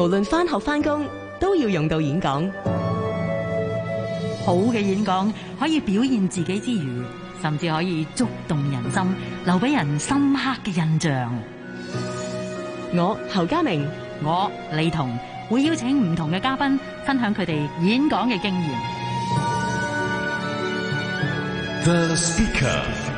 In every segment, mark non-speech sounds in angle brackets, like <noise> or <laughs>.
無論返學返工，都要用到演講。好嘅演講可以表現自己之餘，甚至可以觸動人心，留俾人深刻嘅印象。我侯嘉明，我李彤會邀請唔同嘅嘉賓分享佢哋演講嘅經驗。The Speaker.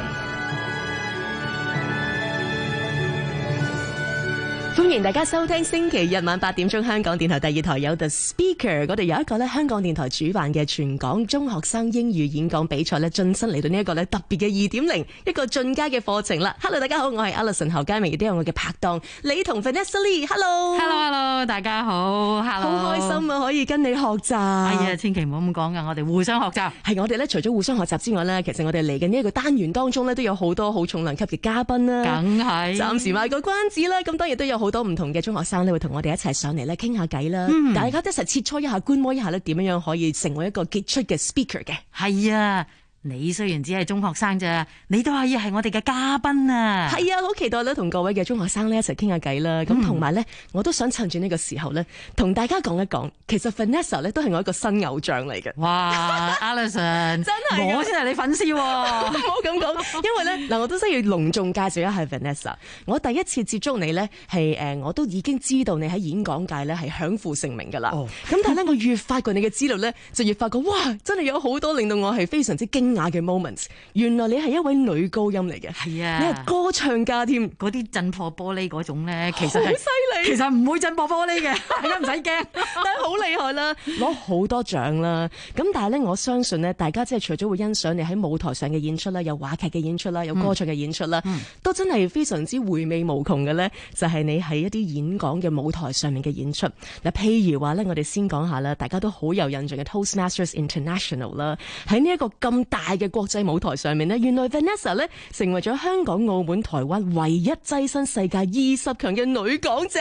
歡迎大家收聽星期日晚八點鐘香港電台第二台有 The Speaker，我哋有一個咧香港電台主辦嘅全港中學生英語演講比賽咧，晉身嚟到呢一個咧特別嘅二點零，一個進階嘅課程啦。Hello，大家好，我係 Alison 侯佳明，亦都有我嘅拍檔你同 Vanessa Lee hello。Hello，Hello，Hello，hello, 大家好。Hello。好開心啊，可以跟你學習。哎呀，千祈唔好咁講啊，我哋互相學習。係我哋咧，除咗互相學習之外咧，其實我哋嚟緊呢一個單元當中咧，都有好多好重量級嘅嘉賓啦、啊。梗係。暫時賣個關子啦，咁當然都有好多。唔同嘅中學生咧會同我哋一齊上嚟咧傾下偈啦，嗯，大家一齊切磋一下、觀摩一下咧點樣樣，可以成為一個傑出嘅 speaker 嘅，係啊。你雖然只係中學生啫，你都可以係我哋嘅嘉賓啊！係啊，好期待咧，同各位嘅中學生咧一齊傾下偈啦。咁同埋咧，我都想趁住呢個時候咧，同大家講一講，其實 Vanessa 咧都係我一個新偶像嚟嘅。哇 <laughs> ，Alison，真係我先係你粉絲，啊，唔好咁講。因為咧嗱，我都需要隆重介紹一下 Vanessa。我第一次接觸你咧，係誒我都已經知道你喺演講界咧係享負盛名噶啦。咁，哦、 <laughs> 但係咧，我越發掘你嘅資料咧，就越發覺哇，真係有好多令到我係非常之驚。雅嘅 moments，原來你係一位女高音嚟嘅，係啊，你係歌唱家添，啲震破玻璃種咧，其實好犀利，其實唔會震破玻璃嘅， <laughs> 大家唔使驚， <laughs> 但係好厲害啦，攞好多獎啦，咁但係咧，我相信咧，大家即係除咗會欣賞你喺舞台上嘅演出啦，有話劇嘅演出啦，有歌唱嘅演出啦，嗯、都真係非常之回味無窮嘅咧，就係、是、你喺一啲演講嘅舞台上面嘅演出，嗱，譬如話咧，我哋先講下啦，大家都好有印象嘅 Toastmasters International 啦，喺呢一個咁大大嘅國際舞台上面咧，原來 Vanessa 咧成為咗香港、澳門、台灣唯一躋身世界二十強嘅女講者，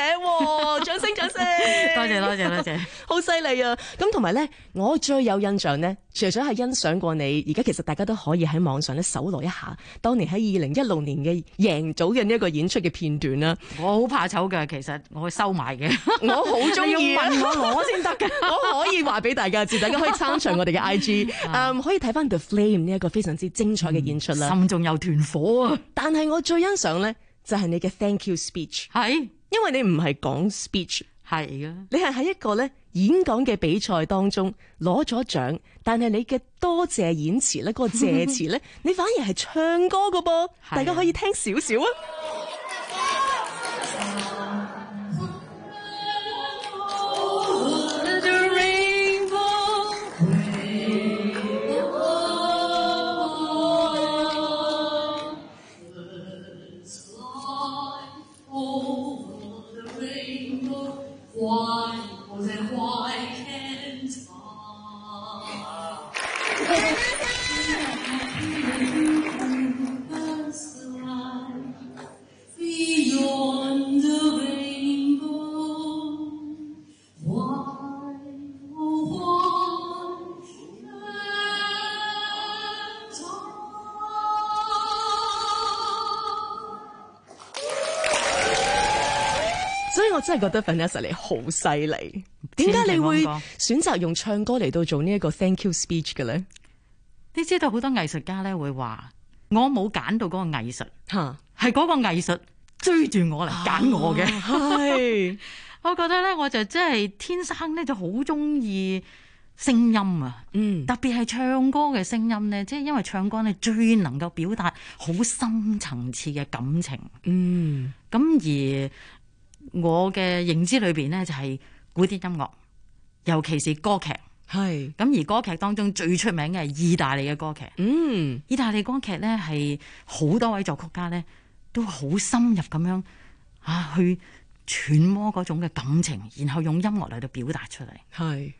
掌聲掌聲！多謝多謝多謝，多謝多謝 <laughs> 好犀利啊！咁同埋咧，我最有印象呢。除咗係欣賞過你，而家其實大家都可以喺網上咧搜羅一下，當年喺二零一六年嘅贏組嘅呢一個演出嘅片段啦。我好怕醜㗎，其實我收埋嘅。 <laughs> 我好中意啊！我 <laughs> 我先得㗎， <laughs> 我可以話俾大家知，大家可以參詳我哋嘅 I G，誒可以睇翻 The Flame 呢一個非常之精彩嘅演出啦、嗯。心中有團火啊！但係我最欣賞咧，就係你嘅 Thank You Speech 是。係，因為你唔係講 speech，係啊的，你係喺一個咧。演講嘅比賽當中攞咗獎，但係你嘅多謝演詞，那個，呢，嗰個謝詞呢，你反而係唱歌㗎噃， <laughs> 大家可以聽少少啊。我真係覺得 Vanessa 你好犀利，點解你會選擇用唱歌嚟到做呢一個 Thank you speech 嘅咧？你知道好多藝術家咧會話，我冇揀到嗰個藝術，吓係嗰個藝術追住我嚟揀我嘅。係、啊， <laughs> 我覺得咧，我就真、是、係天生咧就好中意聲音啊，嗯，特別係唱歌嘅聲音咧，即、就、係、是、因為唱歌咧最能夠表達好深層次嘅感情，嗯，咁而。我嘅認知裏邊咧就係古典音樂，尤其是歌劇。係咁是而歌劇當中最出名嘅係意大利嘅歌劇。嗯，意大利歌劇咧係好多位作曲家咧都好深入咁樣啊去揣摩嗰種嘅感情，然後用音樂嚟到表達出嚟。係。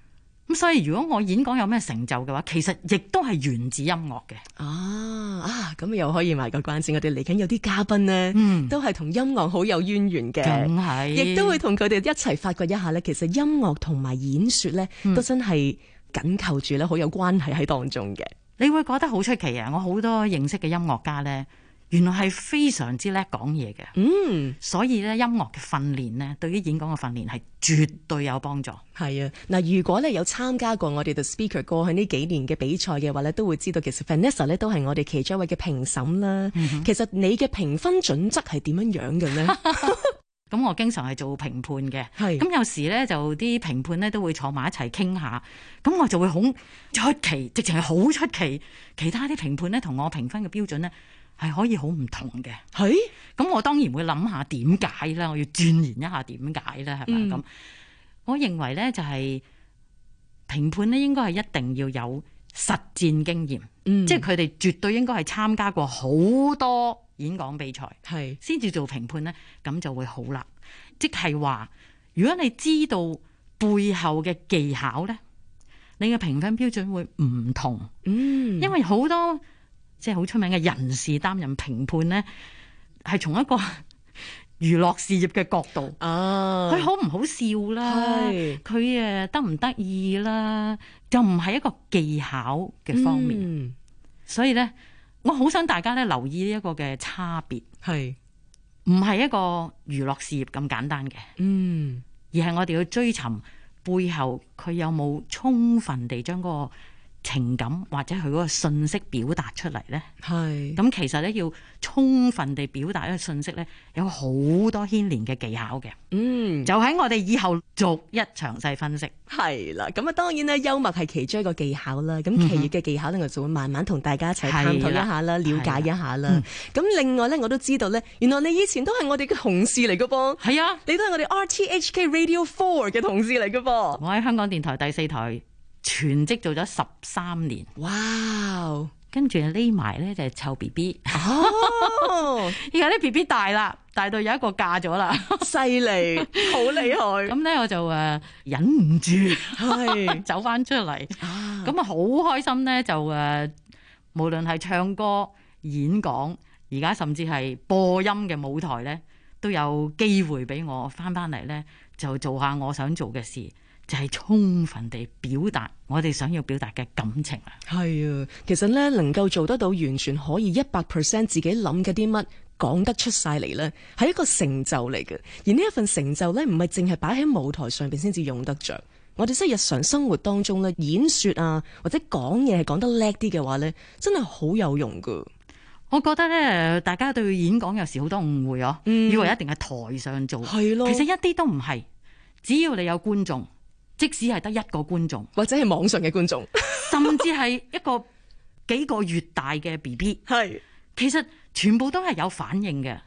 咁所以如果我演講有咩成就嘅話，其實亦都係源自音樂嘅啊。啊啊，咁又可以埋個關子。我哋嚟緊有啲嘉賓咧，嗯，都係同音樂好有淵源嘅，梗係亦都會同佢哋一齊發掘一下咧。其實音樂同埋演說咧，都真係緊扣住咧，好有關係喺當中嘅。嗯、你會覺得好出奇啊！我好多認識嘅音樂家咧。原來係非常之叻講嘢嘅，嗯，所以咧音樂嘅訓練咧，對於演講嘅訓練係絕對有幫助。係啊，嗱，如果咧有參加過我哋 The Speaker 過去呢幾年嘅比賽嘅話咧，都會知道其實 Vanessa 咧都係我哋其中一位嘅評審啦。嗯、哼其實你嘅評分準則係點樣樣嘅咧？咁 <laughs> <laughs> 我經常係做評判嘅，係咁的有時咧就啲評判咧都會坐埋一齊傾下，咁我就會好出奇，直情係好出奇。其他啲評判咧同我評分嘅標準咧。係可以好唔同嘅，係咁是我當然會諗下點解啦，我要鑽研一下點解啦，係咪咁？嗯，我認為咧就係評判咧，應該係一定要有實戰經驗，嗯，即係佢哋絕對應該係參加過好多演講比賽，係先至做評判咧，咁就會好啦。即係話，如果你知道背後嘅技巧咧，你嘅評分標準會唔同，嗯，因為好多。即係好出名嘅人士擔任評判咧，係從一個娛樂事業嘅角度，佢好唔好笑啦？佢誒得唔得意啦？就唔係一個技巧嘅方面。所以咧，我好想大家咧留意呢一個嘅差別，係唔係一個娛樂事業咁簡單嘅？嗯，而係我哋要追尋背後佢有冇充分地將嗰、那個。情感或者佢嗰個信息表達出嚟呢，係咁是其實呢，要充分地表達一個信息呢，有好多牽連嘅技巧嘅，嗯，就喺我哋以後逐一詳細分析，係啦，咁啊當然呢幽默係其中一個技巧啦，咁其餘嘅技巧呢，我就會慢慢同大家一齊探討一下啦，的了解一下啦，咁的、嗯、另外呢，我都知道呢，原來你以前都係我哋嘅同事嚟嘅噃，係啊的，你都係我哋 RTHK Radio Four 嘅同事嚟嘅噃，我喺香港電台第四台。全職做咗十三年，哇 Wow!！跟住匿埋咧就係湊 B B，而家啲 B B 大啦，大到有一個嫁咗啦，犀 <laughs> 利，好厲害。咁咧我就誒、uh，忍唔住，係 <laughs> 是走翻出嚟。咁啊好開心咧，就誒、uh，無論係唱歌、演講，而家甚至係播音嘅舞台咧，都有機會俾我翻翻嚟咧，就做下我想做嘅事。就係充分地表達我哋想要表達嘅感情啦。係啊，其實咧能夠做得到完全可以一百 percent 自己諗嘅啲乜講得出晒嚟咧，係一個成就嚟嘅。而呢一份成就咧，唔係淨係擺喺舞台上邊先至用得着。我哋即係日常生活當中咧，演說啊或者講嘢係講得叻啲嘅話咧，真係好有用噶我覺得咧，大家對演講有時好多誤會嗬，嗯，以為一定係台上做，係咯、啊，其實一啲都唔係，只要你有觀眾。即使係得一個觀眾，或者係網上嘅觀眾， <laughs> 甚至係一個幾個月大嘅 BB，係其實全部都係有反應嘅。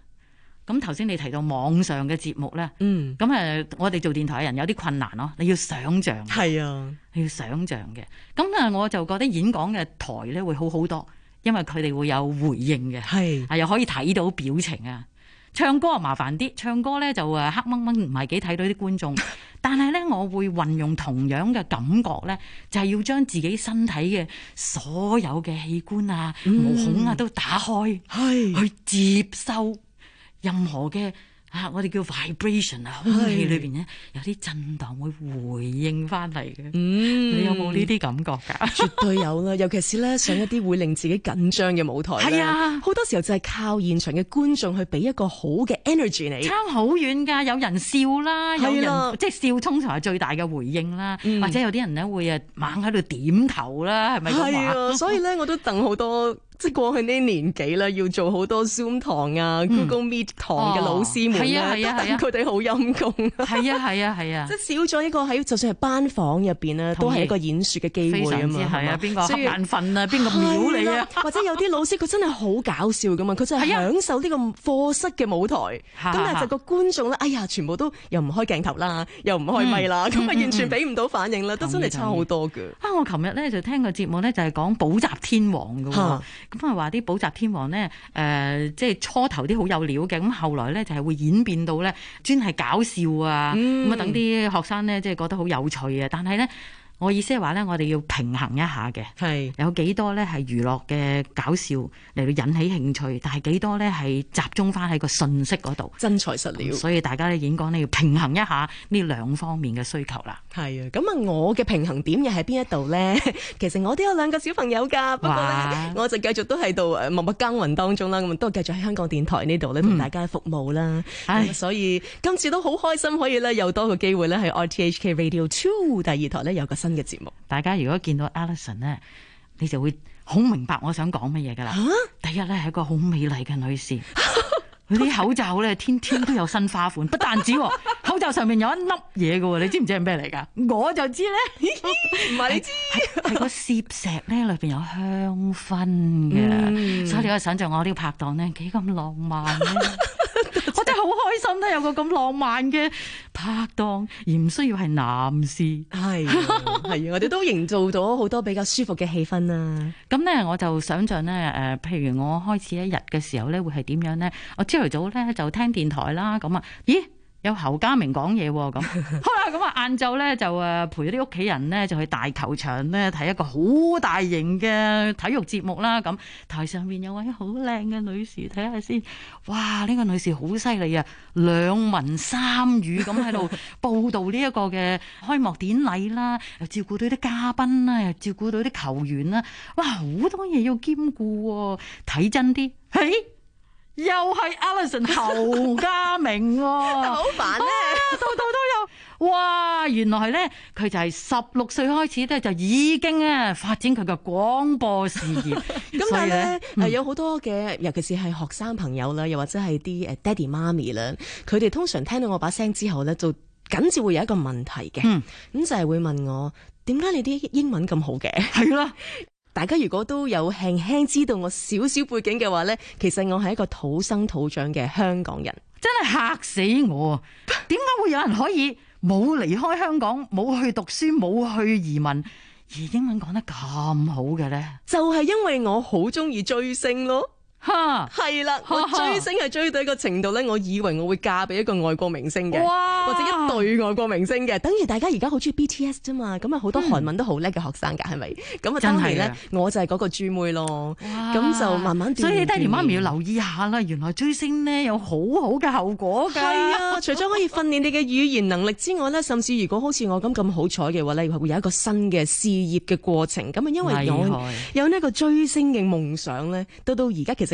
咁頭先你提到網上嘅節目咧，嗯，咁誒，我哋做電台嘅人有啲困難咯，你要想像，係啊，你要想像嘅。咁啊，我就覺得演講嘅台咧會好好多，因為佢哋會有回應嘅，係啊是，又可以睇到表情啊。唱歌啊麻煩啲，唱歌咧就誒黑掹掹，唔係幾睇到啲觀眾。但係咧，我會運用同樣嘅感覺咧，就係、是、要將自己身體嘅所有嘅器官啊、毛孔啊都打開，嗯、去接收任何嘅。啊！我哋叫 vibration 啊，空氣裏邊咧有啲震盪會回應翻嚟嘅。嗯，你有冇呢啲感覺㗎？ <laughs> 絕對有啦，尤其是咧上一啲會令自己緊張嘅舞台咧。係 <laughs> 啊，好多時候就係靠現場嘅觀眾去俾一個好嘅 energy 你。差好遠㗎，有人笑啦，啊、有人即係笑通常係最大嘅回應啦，嗯、或者有啲人咧會啊猛喺度點頭啦，係咪咁啊？所以咧，我都等好多。即係過去呢年紀啦，要做好多 Zoom 堂啊、Google Meet 堂嘅老師們啦，都等佢哋好陰功。係啊係啊係啊，即係少咗呢個喺，就算係班房入邊咧，都係一個演說嘅機會啊嘛。係啊，邊個眼瞓啦？邊個瞄你啊？或者有啲老師佢真係好搞笑噶嘛，佢真係享受呢個課室嘅舞台。咁但係就個觀眾咧，哎呀，全部都又唔開鏡頭啦，又唔開咪啦，咁啊完全俾唔到反應啦，都真係差好多噶。啊，我琴日咧就聽個節目咧，就係講補習天王噶。咁啊話啲補習天王咧，誒、呃，即係初頭啲好有料嘅，咁後來咧就係會演變到咧，專係搞笑啊，咁啊等啲學生咧即係覺得好有趣啊，但係咧。我意思係話咧，我哋要平衡一下嘅，係是有幾多咧係娛樂嘅搞笑嚟到引起興趣，但係幾多咧係集中翻喺個信息嗰度，真材實料。所以大家咧演講咧要平衡一下呢兩方面嘅需求啦。係啊，咁啊，我嘅平衡點又喺邊一度咧？ <laughs> 其實我都有兩個小朋友噶，不過哇我就繼續都喺度默默耕耘當中啦。咁都繼續喺香港電台呢度咧同大家服務啦。係、嗯，所以今次都好開心可以咧有多個機會咧喺 RTHK Radio Two 第二台咧有個。新嘅節目，大家如果見到 Alison 咧，你就會好明白我想講乜嘢噶啦。蛤第一咧係一個好美麗嘅女士，佢啲 <laughs> 口罩咧天天都有新花款，不但止，口罩上面有一粒嘢嘅，你知唔知係咩嚟噶？我就知咧，唔係你知，係個攝石呢裏邊有香薰嘅，嗯、所以你可以想象我呢個拍檔呢幾咁浪漫 <laughs> 好開心都有個咁浪漫嘅拍檔，而唔需要係男士，係係，我哋都營造咗好多比較舒服嘅氣氛啊。咁咧，我就想象咧，誒、呃，譬如我開始一日嘅時候咧，會係點樣咧？我朝頭早咧就聽電台啦，咁啊，咦？有侯家明講嘢喎，咁好啦，咁啊晏晝咧就誒陪啲屋企人咧就去大球場咧睇一個好大型嘅體育節目啦，咁台上面有位好靚嘅女士，睇下先，哇！呢個女士好犀利啊，兩文三語咁喺度報道呢一個嘅開幕典禮啦，又照顧到啲嘉賓啦，又照顧到啲球員啦，哇！好多嘢要兼顧喎，睇真啲，嘿。又係 Alison 侯家明喎，啊，好煩咧，度 <laughs> 度、啊，都有哇！原來咧，佢就係十六歲開始咧，就已經啊發展佢個廣播事業，咁、 <laughs> 嗯、所以咧係是、嗯呃，有好多嘅，尤其是係學生朋友啦，又或者係啲誒爹哋媽咪啦，佢哋通常聽到我把聲之後咧，就緊接會有一個問題嘅，咁、嗯，就係會問我點解你啲英文咁好嘅？係啦。大家如果都有輕輕知道我少少背景嘅話呢，其實我係一個土生土長嘅香港人，真係嚇死我啊！點解 <laughs> 會有人可以冇離開香港、冇去讀書、冇去移民而英文講得咁好嘅呢？就係因為我好鍾意追星咯。吓係啦，我追星係追到一個程度咧，我以為我會嫁俾一個外國明星嘅，哇或者一對外國明星嘅。等於大家而家好中意 BTS 啫嘛，咁啊好多韓文都好叻嘅學生噶，係咪、嗯？咁啊，真係咧我就係嗰個豬妹咯，咁哇就慢慢鍛煉。所以爹哋媽咪要留意下啦，原來追星咧有好好嘅後果噶。係啊，除咗可以訓練你嘅語言能力之外咧， <laughs> 甚至如果好似我咁咁好彩嘅話咧，會有一個新嘅事業嘅過程。咁啊，因為我有害因為我有呢個追星嘅夢想咧，到到而家其實。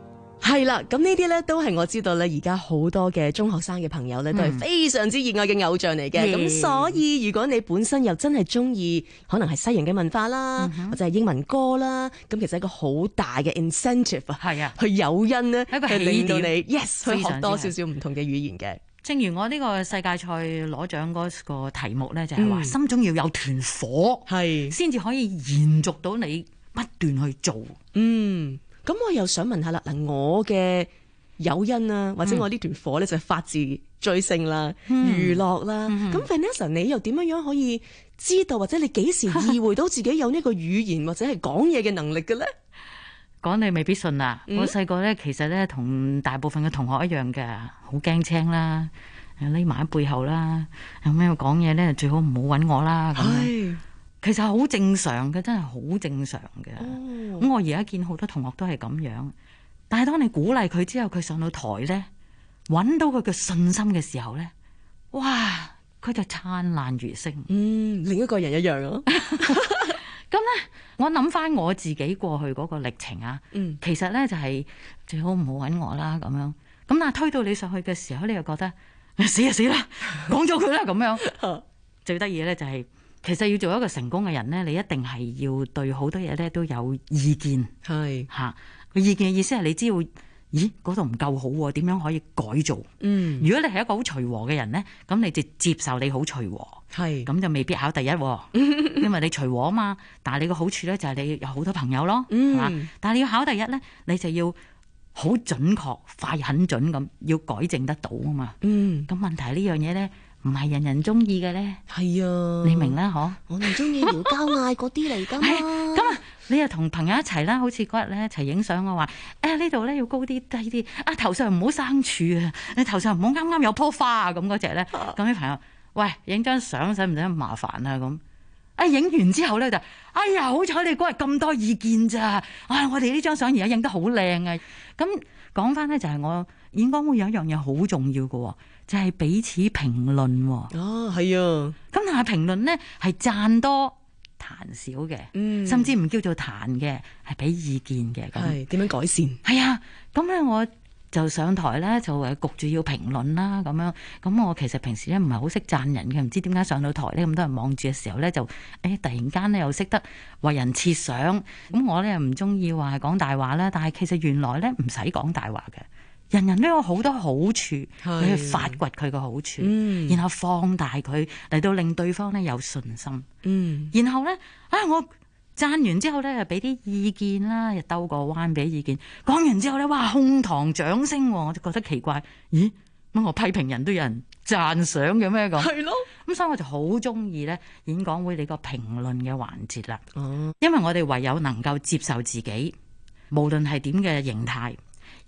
係啦，咁呢啲呢都係我知道呢而家好多嘅中學生嘅朋友呢，都係非常之熱愛嘅偶像嚟嘅。咁、嗯、所以，如果你本身又真係中意，可能係西洋嘅文化啦，嗯、哼或者係英文歌啦，咁其實係一個好大嘅 incentive 啊，係啊，去誘因呢，去俾到你 yes 是去學多少少唔同嘅語言嘅。正如我呢個世界賽攞獎嗰個題目呢，就係話心中要有團火，係先至可以延續到你不斷去做。嗯。咁我又想問下啦，嗱，我嘅誘因啊，或者我呢段火咧，就發自追星啦、娛樂啦。咁樂、嗯、Vanessa，你又點樣樣可以知道或者你幾時意會到自己有呢個語言 <laughs> 或者係講嘢嘅能力嘅咧？講你未必信啊！我細個咧，其實咧同大部分嘅同學一樣嘅，好驚青啦，匿埋喺背後啦，有咩講嘢咧，最好唔好揾我啦。其實好正常嘅，真係好正常嘅。咁、哦、我而家見好多同學都係咁樣，但係當你鼓勵佢之後，佢上到台咧，揾到佢嘅信心嘅時候咧，哇，佢就燦爛如星。嗯，另一個人一樣咯、啊。咁 <laughs> 咧， <laughs> 我諗翻我自己過去嗰個歷程啊，嗯，其實咧就係、是、最好唔好揾我啦，咁樣。咁但係推到你上去嘅時候，你又覺得死就死啦，講咗佢啦，咁樣。 <laughs> 最得意咧就係。其實要做一個成功嘅人咧，你一定係要對好多嘢，咧都有意見，係吓是。個意見嘅意思係你知道，咦嗰度唔夠好，點樣可以改造？嗯，如果你係一個好隨和嘅人咧，咁你就接受你好隨和，係咁是就未必考第一，因為你隨和啊嘛。但係你嘅好處咧就係你有好多朋友咯，係。嗯、但係你要考第一咧，你就要好準確、快、狠準咁，要改正得到啊嘛。嗯，咁問題係呢樣嘢咧。唔係人人中意嘅咧，係啊，你明啦嗬？我唔中意聊交嗌嗰啲嚟噶咁啊，你又同朋友一齊啦，好似嗰日咧，一齊影相我話，誒呢度咧要高啲低啲，啊頭上唔好生柱啊，你頭上唔好啱啱有棵花啊咁嗰隻咧，咁、那、啲、個、 <laughs> 朋友，喂，影張相使唔使咁麻煩啊咁？啊影、哎、完之後咧就，哎呀，好彩你嗰日咁多意見咋。啊、哎、我哋呢張相而家影得好靚啊。咁講翻咧就係我演講會有一樣嘢好重要噶。就係彼此評論喎。哦，係啊。咁但係評論咧係贊多談少嘅，嗯，甚至唔叫做談嘅，係俾意見嘅。係點樣改善？係啊，咁咧我就上台咧就誒焗住要評論啦咁樣。咁我其實平時咧唔係好識贊人嘅，唔知點解上到台咧咁多人望住嘅時候咧就誒突然間咧又識得為人設想。咁我咧唔中意話講大話啦，但係其實原來咧唔使講大話嘅。人人都有好多好處，是去發掘佢嘅好處，嗯、然後放大佢嚟到令對方咧有信心。嗯，然後咧啊，我讚完之後咧，就俾啲意見啦，又兜個彎俾意見。講完之後咧，哇，哄堂掌聲、啊，我就覺得奇怪。咦，乜我批評人都有人讚賞嘅咩？個係咯。咁所以我就好中意咧演講會你個評論嘅環節啦。哦，因為我哋唯有能夠接受自己，無論係點嘅形態。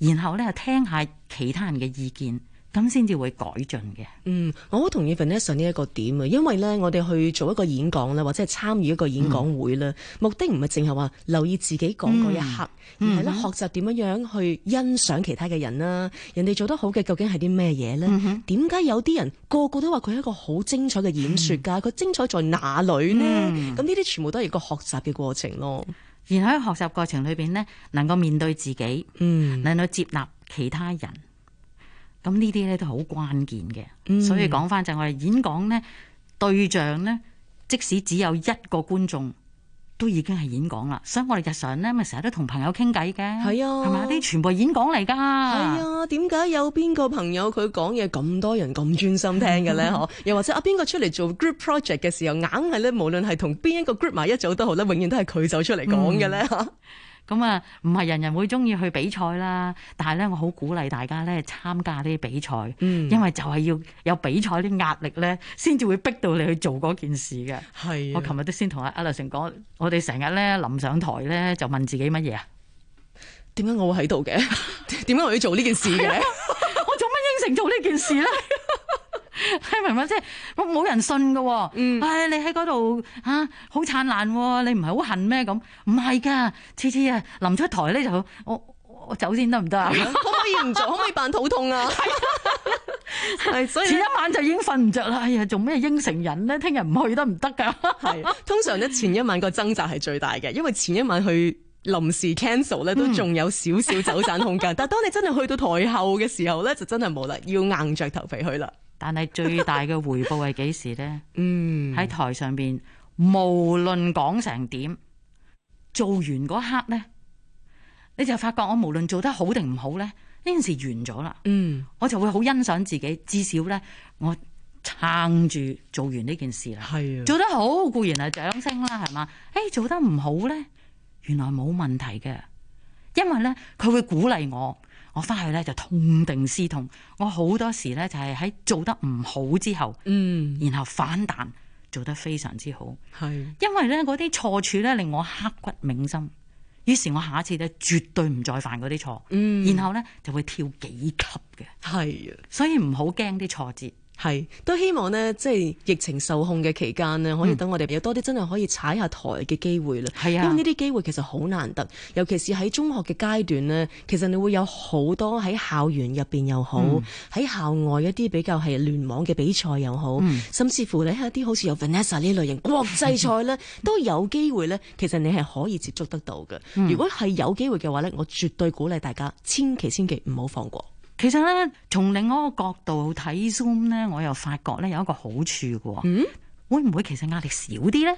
然後咧，聽下其他人嘅意見，咁先至會改進嘅。嗯，我好同意 Vanessa 呢一個點啊，因為咧，我哋去做一個演講咧，或者係參與一個演講會咧，嗯、目的唔係淨係話留意自己講嗰一刻，嗯、而係咧學習點樣樣去欣賞其他嘅人啦。嗯、人哋做得好嘅究竟係啲咩嘢咧？點解、嗯、有啲人個個都話佢係一個好精彩嘅演説家？佢、嗯、精彩在哪裡呢？咁呢啲全部都係一個學習嘅過程咯。然而，喺學習過程裏邊咧，能夠面對自己，嗯、能夠接納其他人，咁呢啲咧都好關鍵嘅。嗯、所以講翻就係我哋演講咧，對象咧，即使只有一個觀眾。都已經係演講啦，所以我哋日常咧咪成日都同朋友傾偈嘅，係啊，係咪啊啲全部演講嚟噶？係啊，點解有邊個朋友佢講嘢咁多人咁專心聽嘅咧？嗬， <laughs> 又或者啊邊個出嚟做 group project 嘅時候，硬係咧，無論係同邊一個 group 埋一組都好咧，永遠都係佢走出嚟講嘅咧？嗬、嗯。咁啊，唔係人人會中意去比賽啦，但係咧，我好鼓勵大家咧參加呢啲比賽，嗯、因為就係要有比賽啲壓力咧，先至會逼到你去做嗰件事嘅。係的，我琴日都先同阿阿劉成講，我哋成日咧臨上台咧就問自己乜嘢啊？點解我會喺度嘅？點解我要做呢件事嘅？我做乜應承做呢件事咧？ <laughs> 聽明嘛？即係我冇人信噶。嗯，哎，你喺嗰度吓好燦爛，你唔係好恨咩咁？唔係噶，次次啊，臨出台咧就我我走先得唔得啊？可唔 <laughs> 可以唔做？可唔可以扮肚痛啊？係，所以前一晚就已經瞓唔着啦。哎呀，做咩應承人咧？聽日唔去得唔得噶？係 <laughs> <laughs> 通常咧，前一晚個掙扎係最大嘅，因為前一晚去。臨時 cancel 咧，都仲有少少走盞空間。嗯、但係當你真係去到台後嘅時候咧， <laughs> 就真係冇啦，要硬着頭皮去啦。但係最大嘅回報係幾時咧？嗯，喺台上邊，無論講成點，做完嗰刻咧，你就發覺我無論做得好定唔好咧，呢件事完咗啦。嗯，我就會好欣賞自己，至少咧，我撐住做完呢件事啦。係是啊，做，做得好固然係掌聲啦，係嘛？誒，做得唔好咧？原來冇問題嘅，因為咧佢會鼓勵我，我翻去咧就痛定思痛。我好多時咧就係喺做得唔好之後，嗯，然後反彈做得非常之好，係是。因為咧嗰啲錯處咧令我刻骨銘心，於是我下一次咧絕對唔再犯嗰啲錯，嗯，然後咧就會跳幾級嘅，係啊。所以唔好驚啲挫折。係，都希望咧，即係疫情受控嘅期間咧，可以等我哋有多啲真係可以踩下台嘅機會啦。係啊、嗯，因為呢啲機會其實好難得，尤其是喺中學嘅階段咧，其實你會有好多喺校園入邊又好，喺、嗯、校外一啲比較係聯網嘅比賽又好，嗯、甚至乎咧，一啲好似有 Vanessa 呢類型國際賽咧，都有機會呢，其實你係可以接觸得到嘅。嗯、如果係有機會嘅話呢，我絕對鼓勵大家，千祈千祈唔好放過。其實咧，從另一個角度睇 Zoom 咧，我又發覺咧有一個好處㗎喎，嗯、會唔會其實壓力少啲咧？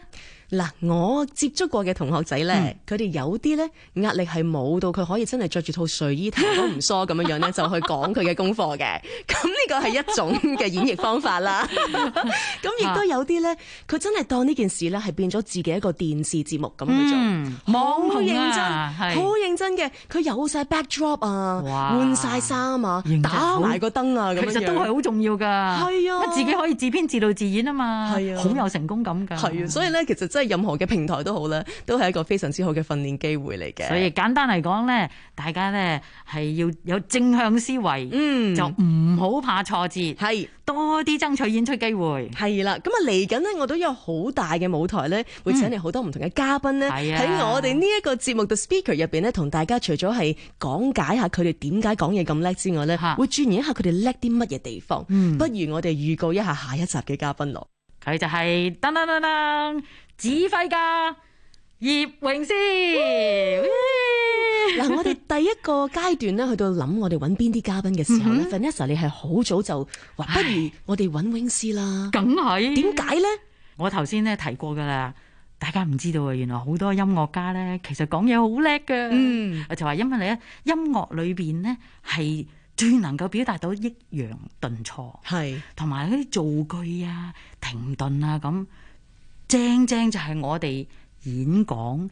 嗱，我接觸過嘅同學仔咧，佢哋有啲咧壓力係冇到，佢可以真係着住套睡衣，頭都唔梳咁樣樣咧，就去講佢嘅功課嘅。咁呢個係一種嘅演繹方法啦。咁亦都有啲咧，佢真係當呢件事咧係變咗自己一個電視節目咁去做，好認真，好認真嘅。佢有晒 backdrop 啊，換晒衫啊，打埋個燈啊，咁其實都係好重要㗎。係啊，自己可以自編自導自演啊嘛。係啊，好有成功感㗎。係啊，所以咧其實。即係任何嘅平台都好啦，都係一個非常之好嘅訓練機會嚟嘅。所以簡單嚟講咧，大家咧係要有正向思維，嗯，就唔好怕挫折，係是多啲爭取演出機會。係啦，咁啊嚟緊咧，我都有好大嘅舞台咧，會請嚟好多唔同嘅嘉賓咧，喺我哋呢一個節目嘅 speaker 入邊咧，同大家除咗係講解下佢哋點解講嘢咁叻之外咧，的會轉移一下佢哋叻啲乜嘢地方。的不如我哋預告一下下一集嘅嘉賓咯。佢就係、是、噔噔噔噔，指揮噶葉詠詩。嗱 <laughs> <laughs> <laughs> 我哋第一個階段咧，去到諗我哋揾邊啲嘉賓嘅時候咧、嗯、哼，Vanessa 你係好早就話，不如我哋揾詠詩啦。梗係，點解咧？呢我頭先咧提過噶啦，大家唔知道啊，原來好多音樂家咧，其實講嘢好叻噶。嗯，就話因為咧，音樂裏邊咧係最能夠表達到抑揚頓挫，係同埋嗰啲造句啊。停頓啊咁，正正就係我哋演講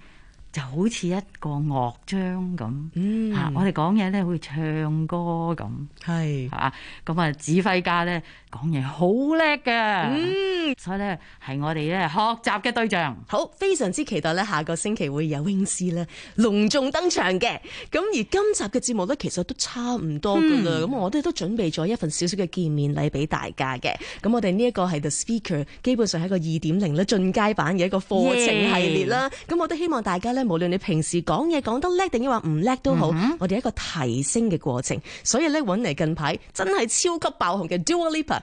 就好似一個樂章咁，吓、嗯啊、我哋講嘢咧會唱歌咁，係吓咁啊指揮家咧。講嘢好叻嘅，嗯，所以咧係我哋咧學習嘅對象。好，非常之期待咧，下個星期會有 wing 師咧隆重登場嘅。咁而今集嘅節目咧，其實都差唔多噶啦。咁、嗯、我哋都準備咗一份少少嘅見面禮俾大家嘅。咁我哋呢一個係 The Speaker，基本上係一個二點零咧進階版嘅一個課程系列啦。咁 Yeah 我都希望大家咧，無論你平時講嘢講得叻定抑或唔叻都好，嗯、哼我哋一個提升嘅過程。所以咧揾嚟近排真係超級爆紅嘅 Dua Lipa